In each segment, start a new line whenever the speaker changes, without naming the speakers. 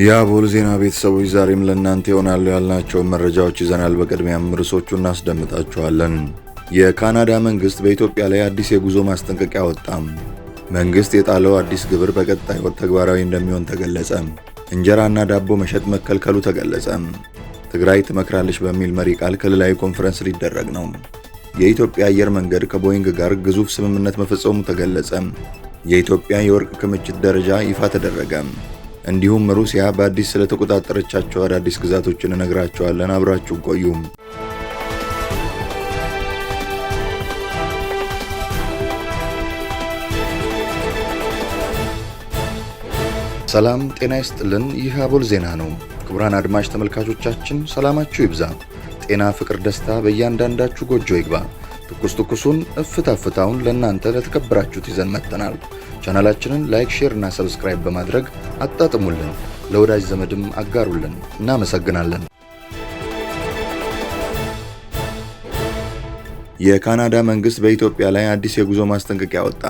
የአቦል ዜና ቤተሰቦች ዛሬም ለእናንተ ይሆናሉ ያልናቸውን መረጃዎች ይዘናል። በቅድሚያም ርዕሶቹ እናስደምጣችኋለን። የካናዳ መንግሥት በኢትዮጵያ ላይ አዲስ የጉዞ ማስጠንቀቂያ አወጣም። መንግሥት የጣለው አዲስ ግብር በቀጣይ ወር ተግባራዊ እንደሚሆን ተገለጸ። እንጀራና ዳቦ መሸጥ መከልከሉ ተገለጸ። ትግራይ ትመክራለች በሚል መሪ ቃል ክልላዊ ኮንፈረንስ ሊደረግ ነው። የኢትዮጵያ አየር መንገድ ከቦይንግ ጋር ግዙፍ ስምምነት መፈጸሙ ተገለጸ። የኢትዮጵያ የወርቅ ክምችት ደረጃ ይፋ ተደረገ። እንዲሁም ሩሲያ በአዲስ ስለተቆጣጠረቻቸው አዳዲስ ግዛቶችን እነግራቸዋለን። አብራችሁ ቆዩም።
ሰላም ጤና ይስጥልን። ይህ አቦል ዜና ነው። ክቡራን አድማጭ ተመልካቾቻችን ሰላማችሁ ይብዛ፣ ጤና፣ ፍቅር፣ ደስታ በእያንዳንዳችሁ ጎጆ ይግባ። ትኩስ ትኩሱን እፍታ ፍታውን ለእናንተ ለተከበራችሁት ይዘን መጥተናል። ቻናላችንን ላይክ፣ ሼር እና ሰብስክራይብ በማድረግ አጣጥሙልን፣ ለወዳጅ ዘመድም አጋሩልን። እናመሰግናለን።
የካናዳ መንግስት በኢትዮጵያ ላይ አዲስ የጉዞ ማስጠንቀቂያ ወጣ።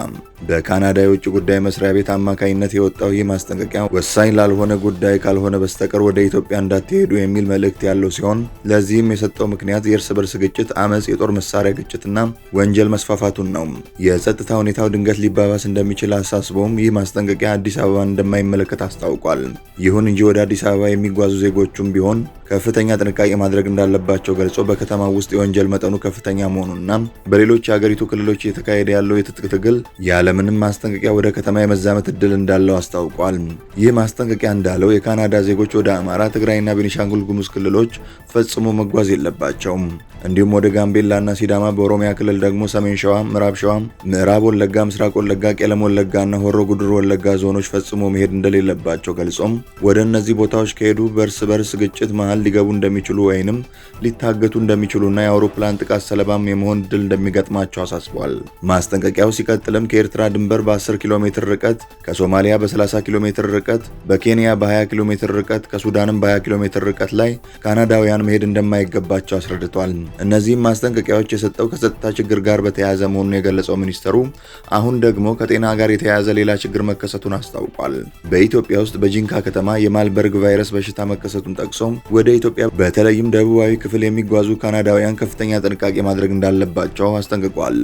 በካናዳ የውጭ ጉዳይ መስሪያ ቤት አማካኝነት የወጣው ይህ ማስጠንቀቂያ ወሳኝ ላልሆነ ጉዳይ ካልሆነ በስተቀር ወደ ኢትዮጵያ እንዳትሄዱ የሚል መልእክት ያለው ሲሆን ለዚህም የሰጠው ምክንያት የእርስ በርስ ግጭት፣ አመፅ፣ የጦር መሳሪያ ግጭትና ወንጀል መስፋፋቱን ነው። የጸጥታ ሁኔታው ድንገት ሊባባስ እንደሚችል አሳስቦም ይህ ማስጠንቀቂያ አዲስ አበባን እንደማይመለከት አስታውቋል። ይሁን እንጂ ወደ አዲስ አበባ የሚጓዙ ዜጎቹም ቢሆን ከፍተኛ ጥንቃቄ ማድረግ እንዳለባቸው ገልጾ በከተማው ውስጥ የወንጀል መጠኑ ከፍተኛ መሆኑን ያለውና በሌሎች የአገሪቱ ክልሎች እየተካሄደ ያለው የትጥቅ ትግል ያለምንም ማስጠንቀቂያ ወደ ከተማ የመዛመት እድል እንዳለው አስታውቋል። ይህ ማስጠንቀቂያ እንዳለው የካናዳ ዜጎች ወደ አማራ፣ ትግራይና ቤኒሻንጉል ጉሙዝ ክልሎች ፈጽሞ መጓዝ የለባቸውም። እንዲሁም ወደ ጋምቤላና ሲዳማ፣ በኦሮሚያ ክልል ደግሞ ሰሜን ሸዋ፣ ምዕራብ ሸዋ፣ ምዕራብ ወለጋ፣ ምስራቅ ወለጋ፣ ቄለም ወለጋና ሆሮ ጉድር ወለጋ ዞኖች ፈጽሞ መሄድ እንደሌለባቸው ገልጾም ወደ እነዚህ ቦታዎች ከሄዱ በእርስ በርስ ግጭት መሀል ሊገቡ እንደሚችሉ ወይንም ሊታገቱ እንደሚችሉና የአውሮፕላን ጥቃት ሰለባም የመሆን እድል እንደሚገጥማቸው አሳስበዋል። ማስጠንቀቂያው ሲቀጥልም ከኤርትራ ድንበር በ10 ኪሎ ሜትር ርቀት፣ ከሶማሊያ በ30 ኪሎ ሜትር ርቀት፣ በኬንያ በ20 ኪሎ ሜትር ርቀት፣ ከሱዳንም በ20 ኪሎ ሜትር ርቀት ላይ ካናዳውያን መሄድ እንደማይገባቸው አስረድቷል። እነዚህም ማስጠንቀቂያዎች የሰጠው ከጸጥታ ችግር ጋር በተያያዘ መሆኑን የገለጸው ሚኒስተሩ አሁን ደግሞ ከጤና ጋር የተያያዘ ሌላ ችግር መከሰቱን አስታውቋል። በኢትዮጵያ ውስጥ በጂንካ ከተማ የማልበርግ ቫይረስ በሽታ መከሰቱን ጠቅሶ ወደ ኢትዮጵያ በተለይም ደቡባዊ ክፍል የሚጓዙ ካናዳውያን ከፍተኛ ጥንቃቄ ማድረግ እንዳለባቸው አስጠንቅቋል።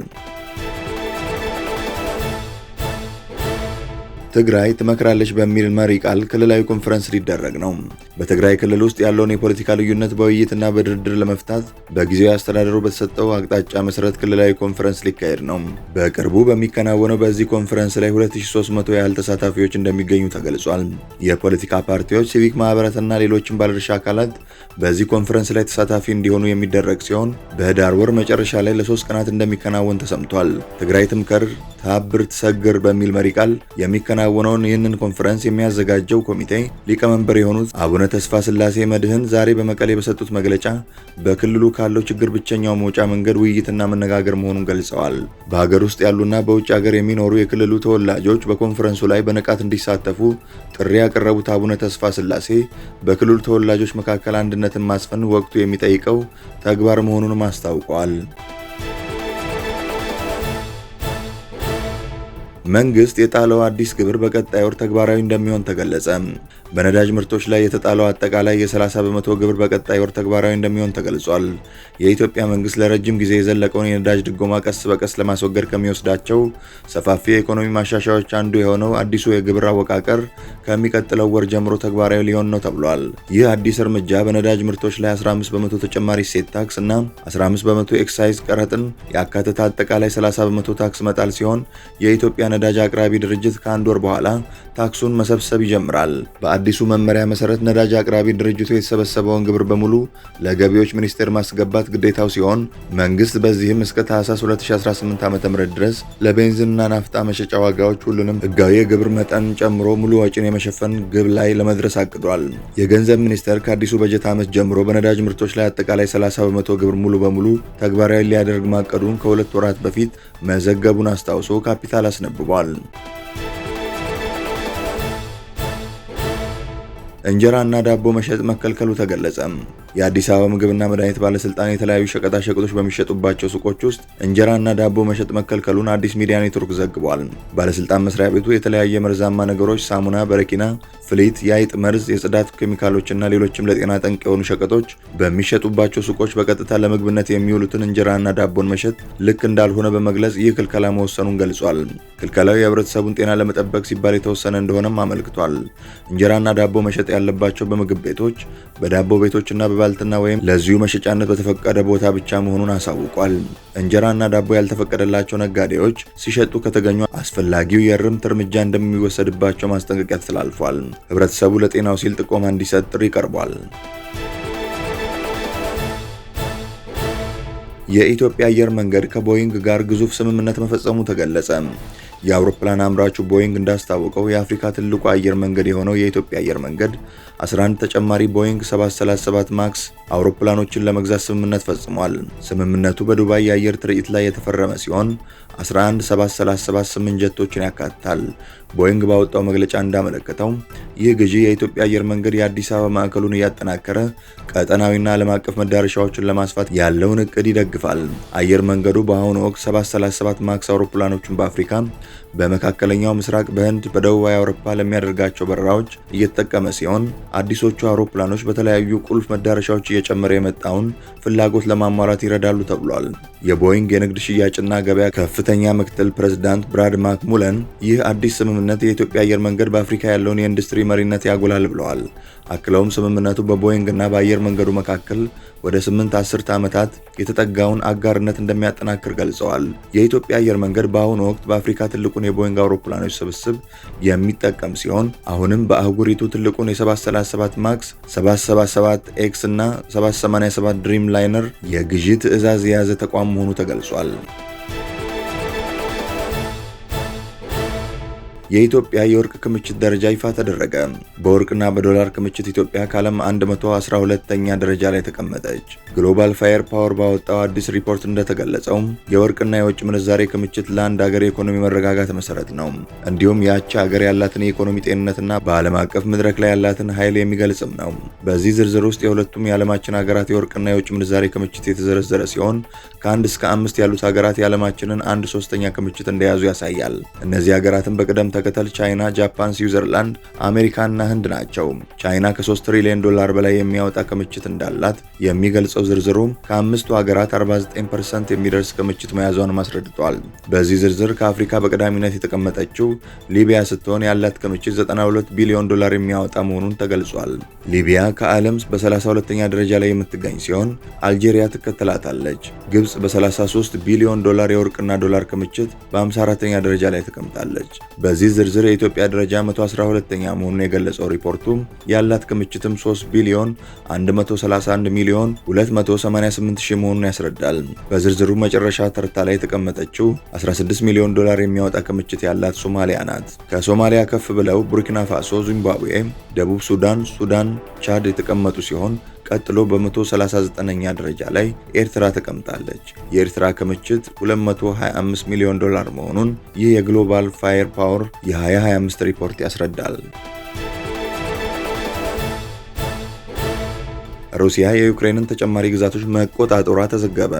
ትግራይ ትመክራለች በሚል መሪ ቃል ክልላዊ ኮንፈረንስ ሊደረግ ነው። በትግራይ ክልል ውስጥ ያለውን የፖለቲካ ልዩነት በውይይትና በድርድር ለመፍታት በጊዜያዊ አስተዳደሩ በተሰጠው አቅጣጫ መሰረት ክልላዊ ኮንፈረንስ ሊካሄድ ነው። በቅርቡ በሚከናወነው በዚህ ኮንፈረንስ ላይ 2300 ያህል ተሳታፊዎች እንደሚገኙ ተገልጿል። የፖለቲካ ፓርቲዎች፣ ሲቪክ ማህበራትና ሌሎችም ባለድርሻ አካላት በዚህ ኮንፈረንስ ላይ ተሳታፊ እንዲሆኑ የሚደረግ ሲሆን በህዳር ወር መጨረሻ ላይ ለሶስት ቀናት እንደሚከናወን ተሰምቷል። ትግራይ ትምከር፣ ታብር፣ ትሰግር በሚል መሪ ቃል የሚከና የተከናወነውን ይህንን ኮንፈረንስ የሚያዘጋጀው ኮሚቴ ሊቀመንበር የሆኑት አቡነ ተስፋ ስላሴ መድህን ዛሬ በመቀሌ በሰጡት መግለጫ በክልሉ ካለው ችግር ብቸኛው መውጫ መንገድ ውይይትና መነጋገር መሆኑን ገልጸዋል። በሀገር ውስጥ ያሉና በውጭ ሀገር የሚኖሩ የክልሉ ተወላጆች በኮንፈረንሱ ላይ በንቃት እንዲሳተፉ ጥሪ ያቀረቡት አቡነ ተስፋ ስላሴ በክልሉ ተወላጆች መካከል አንድነትን ማስፈን ወቅቱ የሚጠይቀው ተግባር መሆኑንም አስታውቀዋል። መንግስት የጣለው አዲስ ግብር በቀጣይ ወር ተግባራዊ እንደሚሆን ተገለጸ። በነዳጅ ምርቶች ላይ የተጣለው አጠቃላይ የ30 በመቶ ግብር በቀጣይ ወር ተግባራዊ እንደሚሆን ተገልጿል። የኢትዮጵያ መንግስት ለረጅም ጊዜ የዘለቀውን የነዳጅ ድጎማ ቀስ በቀስ ለማስወገድ ከሚወስዳቸው ሰፋፊ የኢኮኖሚ ማሻሻያዎች አንዱ የሆነው አዲሱ የግብር አወቃቀር ከሚቀጥለው ወር ጀምሮ ተግባራዊ ሊሆን ነው ተብሏል። ይህ አዲስ እርምጃ በነዳጅ ምርቶች ላይ 15 በመቶ ተጨማሪ ሴት ታክስ እና 15 በመቶ ኤክሳይዝ ቀረጥን ያካተተ አጠቃላይ 30 በመቶ ታክስ መጣል ሲሆን የኢትዮጵያ ነዳጅ አቅራቢ ድርጅት ከአንድ ወር በኋላ ታክሱን መሰብሰብ ይጀምራል። በአዲሱ መመሪያ መሰረት ነዳጅ አቅራቢ ድርጅቱ የተሰበሰበውን ግብር በሙሉ ለገቢዎች ሚኒስቴር ማስገባት ግዴታው ሲሆን መንግስት በዚህም እስከ ታህሳስ 2018 ዓ.ም ድረስ ለቤንዚንና ናፍጣ መሸጫ ዋጋዎች ሁሉንም ሕጋዊ የግብር መጠን ጨምሮ ሙሉ ወጪን የመሸፈን ግብ ላይ ለመድረስ አቅዷል። የገንዘብ ሚኒስቴር ከአዲሱ በጀት ዓመት ጀምሮ በነዳጅ ምርቶች ላይ አጠቃላይ 30 በመቶ ግብር ሙሉ በሙሉ ተግባራዊ ሊያደርግ ማቀዱን ከሁለት ወራት በፊት መዘገቡን አስታውሶ ካፒታል አስነብቧል። ቀርቧል። እንጀራና ዳቦ መሸጥ መከልከሉ ተገለጸም። የአዲስ አበባ ምግብና መድኃኒት ባለስልጣን የተለያዩ ሸቀጣሸቀጦች በሚሸጡባቸው ሱቆች ውስጥ እንጀራና ዳቦ መሸጥ መከልከሉን አዲስ ሚዲያ ኔትወርክ ዘግቧል። ባለስልጣን መስሪያ ቤቱ የተለያየ መርዛማ ነገሮች፣ ሳሙና፣ በረኪና፣ ፍሊት፣ የአይጥ መርዝ፣ የጽዳት ኬሚካሎችና ሌሎችም ለጤና ጠንቅ የሆኑ ሸቀጦች በሚሸጡባቸው ሱቆች በቀጥታ ለምግብነት የሚውሉትን እንጀራና ዳቦን መሸጥ ልክ እንዳልሆነ በመግለጽ ይህ ክልከላ መወሰኑን ገልጿል። ክልከላው የህብረተሰቡን ጤና ለመጠበቅ ሲባል የተወሰነ እንደሆነም አመልክቷል። እንጀራና ዳቦ መሸጥ ያለባቸው በምግብ ቤቶች፣ በዳቦ ቤቶችና በባልትና ወይም ለዚሁ መሸጫነት በተፈቀደ ቦታ ብቻ መሆኑን አሳውቋል። እንጀራና ዳቦ ያልተፈቀደላቸው ነጋዴዎች ሲሸጡ ከተገኙ አስፈላጊው የእርምት እርምጃ እንደሚወሰድባቸው ማስጠንቀቂያ ተላልፏል። ህብረተሰቡ ለጤናው ሲል ጥቆማ እንዲሰጥ ጥሪ ቀርቧል። የኢትዮጵያ አየር መንገድ ከቦይንግ ጋር ግዙፍ ስምምነት መፈጸሙ ተገለጸ። የአውሮፕላን አምራቹ ቦይንግ እንዳስታወቀው የአፍሪካ ትልቁ አየር መንገድ የሆነው የኢትዮጵያ አየር መንገድ 11 ተጨማሪ ቦይንግ 737 ማክስ አውሮፕላኖችን ለመግዛት ስምምነት ፈጽሟል። ስምምነቱ በዱባይ የአየር ትርኢት ላይ የተፈረመ ሲሆን 11 737 ጀቶችን ያካትታል። ቦይንግ ባወጣው መግለጫ እንዳመለከተው ይህ ግዢ የኢትዮጵያ አየር መንገድ የአዲስ አበባ ማዕከሉን እያጠናከረ ቀጠናዊና ዓለም አቀፍ መዳረሻዎችን ለማስፋት ያለውን እቅድ ይደግፋል። አየር መንገዱ በአሁኑ ወቅት 737 ማክስ አውሮፕላኖችን በአፍሪካ በመካከለኛው ምስራቅ፣ በህንድ፣ በደቡባዊ አውሮፓ ለሚያደርጋቸው በረራዎች እየተጠቀመ ሲሆን አዲሶቹ አውሮፕላኖች በተለያዩ ቁልፍ መዳረሻዎች እየጨመረ የመጣውን ፍላጎት ለማሟላት ይረዳሉ ተብሏል። የቦይንግ የንግድ ሽያጭና ገበያ ከፍተኛ ምክትል ፕሬዝዳንት ብራድ ማክሙለን ይህ አዲስ ስምምነት የኢትዮጵያ አየር መንገድ በአፍሪካ ያለውን የኢንዱስትሪ መሪነት ያጎላል ብለዋል። አክለውም ስምምነቱ በቦይንግ እና በአየር መንገዱ መካከል ወደ ስምንት አስርተ ዓመታት የተጠጋውን አጋርነት እንደሚያጠናክር ገልጸዋል። የኢትዮጵያ አየር መንገድ በአሁኑ ወቅት በአፍሪካ ትልቁን የቦይንግ አውሮፕላኖች ስብስብ የሚጠቀም ሲሆን አሁንም በአህጉሪቱ ትልቁን የ737 ማክስ፣ 777 ኤክስ እና 787 ድሪም ላይነር የግዢ ትዕዛዝ የያዘ ተቋም መሆኑ ተገልጿል። የኢትዮጵያ የወርቅ ክምችት ደረጃ ይፋ ተደረገ። በወርቅና በዶላር ክምችት ኢትዮጵያ ከዓለም 112ኛ ደረጃ ላይ ተቀመጠች። ግሎባል ፋየር ፓወር ባወጣው አዲስ ሪፖርት እንደተገለጸው የወርቅና የውጭ ምንዛሬ ክምችት ለአንድ ሀገር የኢኮኖሚ መረጋጋት መሰረት ነው። እንዲሁም ያቺ ሀገር ያላትን የኢኮኖሚ ጤንነትና በዓለም አቀፍ መድረክ ላይ ያላትን ኃይል የሚገልጽም ነው። በዚህ ዝርዝር ውስጥ የሁለቱም የዓለማችን ሀገራት የወርቅና የውጭ ምንዛሬ ክምችት የተዘረዘረ ሲሆን ከአንድ እስከ አምስት ያሉት ሀገራት የዓለማችንን አንድ ሶስተኛ ክምችት እንደያዙ ያሳያል። እነዚህ ሀገራትን በቅደም ተከተል ቻይና፣ ጃፓን፣ ስዊዘርላንድ፣ አሜሪካና ህንድ ናቸው። ቻይና ከ3 ትሪሊዮን ዶላር በላይ የሚያወጣ ክምችት እንዳላት የሚገልጸው ዝርዝሩ ከአምስቱ ሀገራት 49% የሚደርስ ክምችት መያዟን ማስረድቷል። በዚህ ዝርዝር ከአፍሪካ በቀዳሚነት የተቀመጠችው ሊቢያ ስትሆን ያላት ክምችት 92 ቢሊዮን ዶላር የሚያወጣ መሆኑን ተገልጿል። ሊቢያ ከዓለም በ32ኛ ደረጃ ላይ የምትገኝ ሲሆን አልጄሪያ ትከተላታለች። ግብፅ በ33 ቢሊዮን ዶላር የወርቅና ዶላር ክምችት በ54ኛ ደረጃ ላይ ተቀምጣለች። በዚህ በዚህ ዝርዝር የኢትዮጵያ ደረጃ 112ኛ መሆኑን የገለጸው ሪፖርቱ ያላት ክምችትም 3 ቢሊዮን 131 ሚሊዮን 288 ሺህ መሆኑን ያስረዳል። በዝርዝሩ መጨረሻ ተርታ ላይ የተቀመጠችው 16 ሚሊዮን ዶላር የሚያወጣ ክምችት ያላት ሶማሊያ ናት። ከሶማሊያ ከፍ ብለው ቡርኪና ፋሶ፣ ዚምባብዌ፣ ደቡብ ሱዳን፣ ሱዳን፣ ቻድ የተቀመጡ ሲሆን ቀጥሎ በ139ኛ ደረጃ ላይ ኤርትራ ተቀምጣለች። የኤርትራ ክምችት 225 ሚሊዮን ዶላር መሆኑን ይህ የግሎባል ፋየር ፓወር የ2025 ሪፖርት ያስረዳል። ሩሲያ የዩክሬንን ተጨማሪ ግዛቶች መቆጣጠሯ ተዘገበ።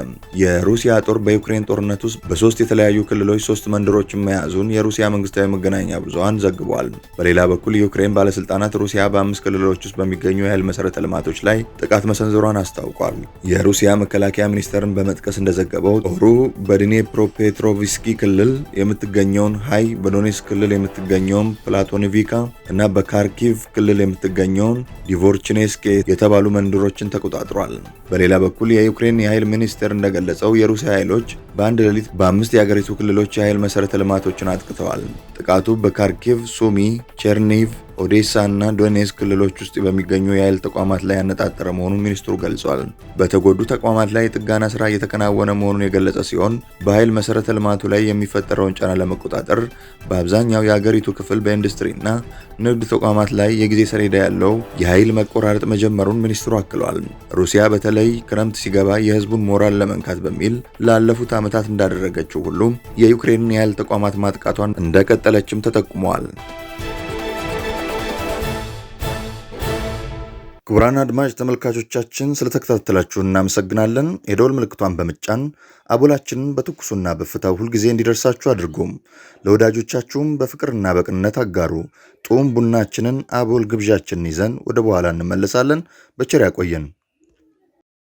የሩሲያ ጦር በዩክሬን ጦርነት ውስጥ በሶስት የተለያዩ ክልሎች ሶስት መንደሮችን መያዙን የሩሲያ መንግስታዊ መገናኛ ብዙሃን ዘግቧል። በሌላ በኩል የዩክሬን ባለስልጣናት ሩሲያ በአምስት ክልሎች ውስጥ በሚገኙ የኃይል መሰረተ ልማቶች ላይ ጥቃት መሰንዘሯን አስታውቋል። የሩሲያ መከላከያ ሚኒስቴርን በመጥቀስ እንደዘገበው ጦሩ በድኔፕሮፔትሮቭስኪ ክልል የምትገኘውን ሃይ፣ በዶኔስክ ክልል የምትገኘውን ፕላቶኒቪካ እና በካርኪቭ ክልል የምትገኘውን ዲቮርችኔስክ የተባሉ መንደሮች አጋሮችን ተቆጣጥሯል። በሌላ በኩል የዩክሬን የኃይል ሚኒስቴር እንደገለጸው የሩሲያ ኃይሎች በአንድ ሌሊት በአምስት የአገሪቱ ክልሎች የኃይል መሠረተ ልማቶችን አጥቅተዋል። ጥቃቱ በካርኪቭ፣ ሱሚ፣ ቼርኒቭ ኦዴሳ እና ዶኔስ ክልሎች ውስጥ በሚገኙ የኃይል ተቋማት ላይ ያነጣጠረ መሆኑን ሚኒስትሩ ገልጿል። በተጎዱ ተቋማት ላይ የጥጋና ስራ እየተከናወነ መሆኑን የገለጸ ሲሆን በኃይል መሰረተ ልማቱ ላይ የሚፈጠረውን ጫና ለመቆጣጠር በአብዛኛው የአገሪቱ ክፍል በኢንዱስትሪና ንግድ ተቋማት ላይ የጊዜ ሰሌዳ ያለው የኃይል መቆራረጥ መጀመሩን ሚኒስትሩ አክሏል። ሩሲያ በተለይ ክረምት ሲገባ የህዝቡን ሞራል ለመንካት በሚል ላለፉት ዓመታት እንዳደረገችው ሁሉ የዩክሬንን የኃይል ተቋማት ማጥቃቷን እንደቀጠለችም ተጠቁመዋል። ክቡራን አድማጭ ተመልካቾቻችን ስለተከታተላችሁ እናመሰግናለን። የደወል ምልክቷን በመጫን አቦላችንን በትኩሱና በእፍታው ሁልጊዜ እንዲደርሳችሁ አድርጎም ለወዳጆቻችሁም በፍቅርና በቅንነት አጋሩ። ጡም ቡናችንን አቦል ግብዣችንን ይዘን ወደ በኋላ እንመለሳለን። በቸር ያቆየን።